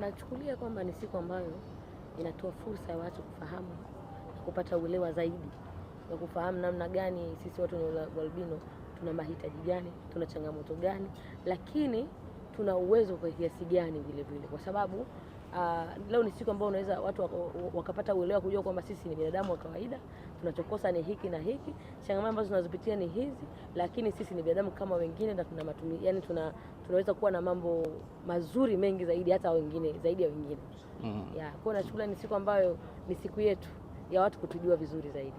nachukulia kwamba ni siku ambayo inatoa fursa ya watu kufahamu na kupata uelewa zaidi ya kufahamu namna gani sisi watu wenye ualbino tuna mahitaji gani, tuna changamoto gani, lakini tuna uwezo kwa kiasi gani vile vile, kwa sababu Uh, leo ni siku ambayo unaweza watu wakapata uelewa kujua kwamba sisi ni binadamu wa kawaida tunachokosa ni hiki na hiki, changamoto ambazo tunazopitia ni hizi, lakini sisi ni binadamu kama wengine na tuna matumi, yani tuna tunaweza kuwa na mambo mazuri mengi zaidi hata wengine zaidi ya wengine mm. Yeah, kwa na nashughuli ni siku ambayo ni siku yetu ya watu kutujua vizuri zaidi.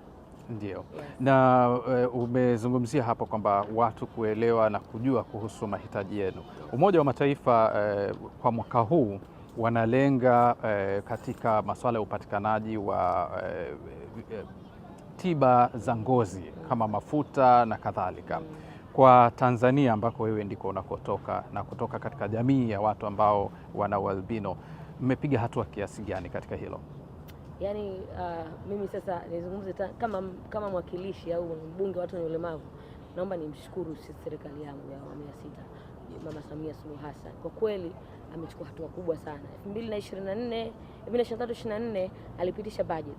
Ndio. Yes. Na e, umezungumzia hapo kwamba watu kuelewa na kujua kuhusu mahitaji yenu. Umoja wa Mataifa e, kwa mwaka huu wanalenga e, katika masuala ya upatikanaji wa e, tiba za ngozi kama mafuta na kadhalika kwa Tanzania ambako wewe ndiko unakotoka na kutoka katika jamii ya watu ambao wana ualbino, mmepiga hatua kiasi gani katika hilo? Yaani uh, mimi sasa nizungumze kama, kama mwakilishi au mbunge wa watu wenye ulemavu, naomba nimshukuru serikali yangu ya awamu ya sita, Mama Samia Suluhu Hassan, kwa kweli amechukua hatua kubwa sana. 2024 2023 24 alipitisha bajeti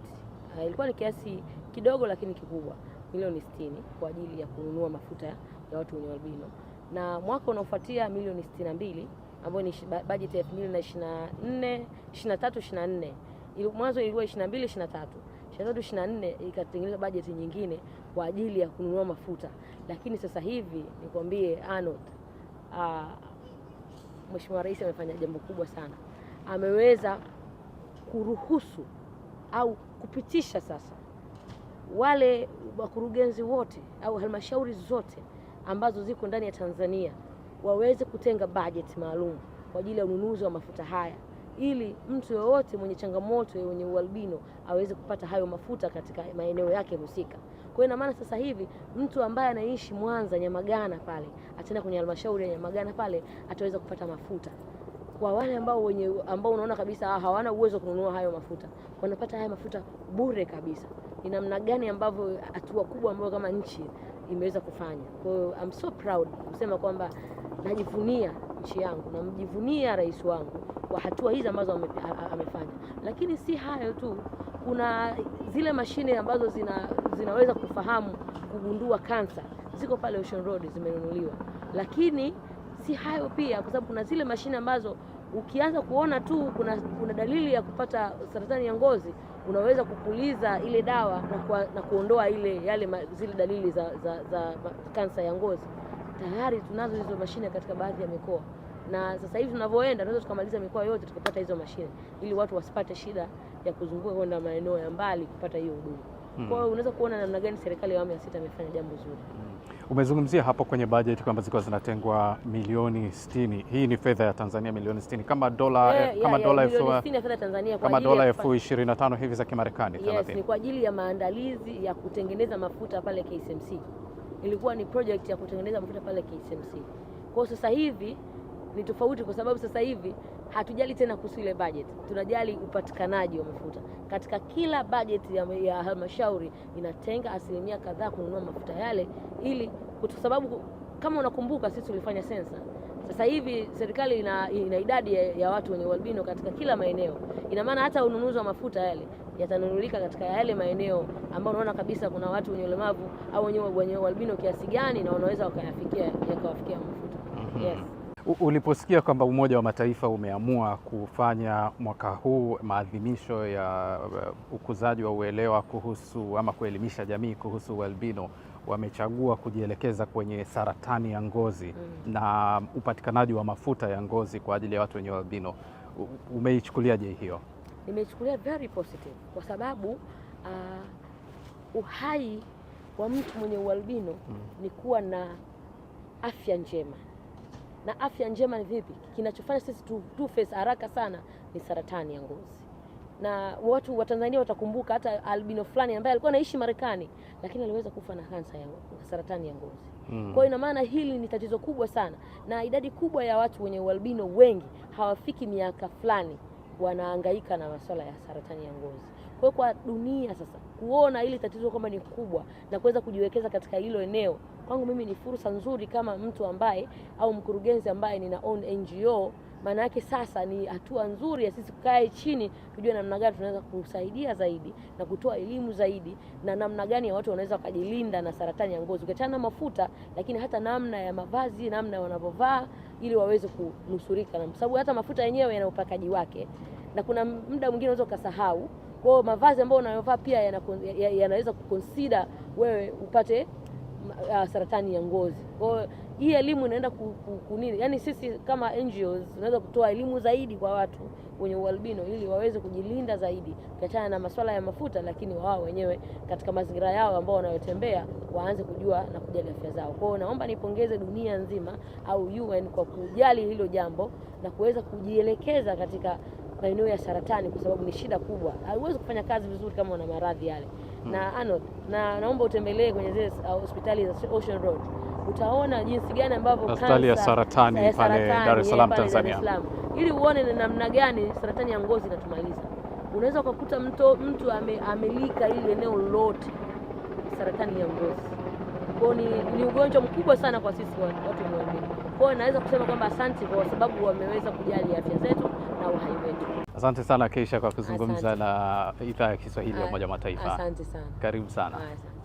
uh, ilikuwa ni kiasi kidogo lakini kikubwa, milioni sitini kwa ajili ya kununua mafuta ya watu wenye albino, na mwaka unaofuatia milioni sitini na mbili ambayo ni bajeti ya 2024 23 24 mwanzo ilikuwa tatu 23 na nne ikatengeneza bajeti nyingine kwa ajili ya kununua mafuta, lakini sasa hivi nikwambie Arnold, uh, Mheshimiwa Rais amefanya jambo kubwa sana, ameweza kuruhusu au kupitisha sasa wale wakurugenzi wote au halmashauri zote ambazo ziko ndani ya Tanzania waweze kutenga bajeti maalum kwa ajili ya ununuzi wa mafuta haya ili mtu yoyote mwenye changamoto wenye ualbino aweze kupata hayo mafuta katika maeneo yake husika. Kwa hiyo ina maana sasa hivi mtu ambaye anaishi Mwanza Nyamagana pale ataenda kwenye halmashauri ya Nyamagana pale ataweza kupata mafuta kwa wale ambao wenye ambao unaona kabisa ah, hawana uwezo kununua hayo mafuta, wanapata haya mafuta bure kabisa. Ni namna gani ambavyo hatua kubwa ambayo kama nchi imeweza kufanya. Kwa hiyo I'm so proud kusema kwamba najivunia nchi yangu, namjivunia rais wangu kwa hatua hizi ambazo ame, amefanya. Lakini si hayo tu, kuna zile mashine ambazo zina, zinaweza kufahamu kugundua kansa ziko pale Ocean Road zimenunuliwa, lakini si hayo pia, kwa sababu kuna zile mashine ambazo ukianza kuona tu kuna, kuna dalili ya kupata saratani ya ngozi unaweza kupuliza ile dawa na, kwa, na kuondoa ile yale ma, zile dalili za, za, za kansa ya ngozi. Tayari tunazo hizo mashine katika baadhi ya mikoa, na sasa hivi tunavyoenda tunaweza tukamaliza mikoa yote tukapata hizo mashine, ili watu wasipate shida ya kuzunguka kwenda maeneo ya mbali kupata hiyo huduma. Hmm. Kwa hiyo unaweza kuona namna gani serikali ya awamu ya sita imefanya jambo zuri. Hmm. Umezungumzia hapo kwenye bajeti kwamba zilikuwa zinatengwa milioni 60. Hii ni fedha ya Tanzania milioni 60 kama dola yeah, yeah, kama yeah, dola elfu kama dola elfu ishirini na tano hivi za Kimarekani 30. Yes, ni kwa ajili ya maandalizi ya kutengeneza mafuta pale KCMC. Ilikuwa ni project ya kutengeneza mafuta pale KCMC. Kwa sasa hivi ni tofauti, kwa sababu sasa hivi hatujali tena kuhusu ile budget, tunajali upatikanaji wa mafuta. Katika kila budget ya, ya halmashauri inatenga asilimia kadhaa kununua mafuta yale, ili kwa sababu kama unakumbuka sisi tulifanya sensa sasa hivi serikali ina, ina idadi ya, ya watu wenye ualbino katika kila maeneo. Ina maana hata ununuzi wa mafuta yale yatanunulika katika yale maeneo ambayo unaona kabisa kuna watu wenye ulemavu au wenye ualbino kiasi gani na wanaweza wakayafikia yakawafikia mafuta. Mhm. Yes. Uliposikia kwamba Umoja wa Mataifa umeamua kufanya mwaka huu maadhimisho ya uh, ukuzaji wa uelewa kuhusu ama kuelimisha jamii kuhusu ualbino, wamechagua kujielekeza kwenye saratani ya ngozi mm, na upatikanaji wa mafuta ya ngozi kwa ajili ya watu wenye ualbino, umeichukuliaje hiyo? Nimeichukulia very positive kwa sababu uh, uhai wa mtu mwenye ualbino mm, ni kuwa na afya njema na afya njema ni vipi? Kinachofanya sisi tu, tu face haraka sana ni saratani ya ngozi, na watu wa Tanzania watakumbuka hata albino fulani ambaye alikuwa anaishi Marekani, lakini aliweza kufa na kansa ya saratani ya ngozi mm. Kwa hiyo ina maana hili ni tatizo kubwa sana, na idadi kubwa ya watu wenye ualbino wengi hawafiki miaka fulani wanaangaika na masuala ya saratani ya ngozi. Kwa hiyo kwa dunia sasa kuona hili tatizo kwamba ni kubwa na kuweza kujiwekeza katika hilo eneo kwangu mimi ni fursa nzuri kama mtu ambaye au mkurugenzi ambaye nina own NGO. Maana yake sasa ni hatua nzuri ya sisi kukae chini tujue namna gani tunaweza kusaidia zaidi na kutoa elimu zaidi, na namna gani ya watu wanaweza wakajilinda na saratani ya ngozi, ukiachana na mafuta, lakini hata namna ya mavazi, namna wanavyovaa ili waweze kunusurika, na sababu hata mafuta yenyewe yana upakaji wake, na kuna muda mwingine unaweza ukasahau. Kwa hiyo mavazi ambayo unayovaa pia yanaweza kukonsida wewe upate uh, saratani ya ngozi. Kwa hiyo hii elimu inaenda nini, yaani sisi kama NGOs tunaweza kutoa elimu zaidi kwa watu wenye ualbino ili waweze kujilinda zaidi, ukiachana na masuala ya mafuta, lakini wao wenyewe katika mazingira yao ambao wanayotembea waanze kujua na kujali afya zao. Kwa hiyo naomba nipongeze dunia nzima au UN kwa kujali hilo jambo na kuweza kujielekeza katika maeneo ya saratani, kwa sababu ni shida kubwa. Hauwezi kufanya kazi vizuri kama una maradhi yale na hmm. Arnold, na naomba utembelee kwenye zile uh, hospitali za Ocean Road utaona jinsi gani ambavyo hospitali ya saratani eh, eh, pale Dar es Salaam Tanzania, ili uone ni namna gani saratani ya ngozi inatumaliza. Unaweza ukakuta mtu, mtu ame, amelika ili eneo lote saratani ya ngozi kwao ni, ni ugonjwa mkubwa sana kwa sisi watu wengine. Kwao naweza kusema kwamba asante kwa sababu wameweza kujali afya zetu na uhai wetu. Asante sana Keisha kwa kuzungumza na idhaa ya Kiswahili ya Umoja wa Mataifa. Asante sana. Karibu sana. Asante.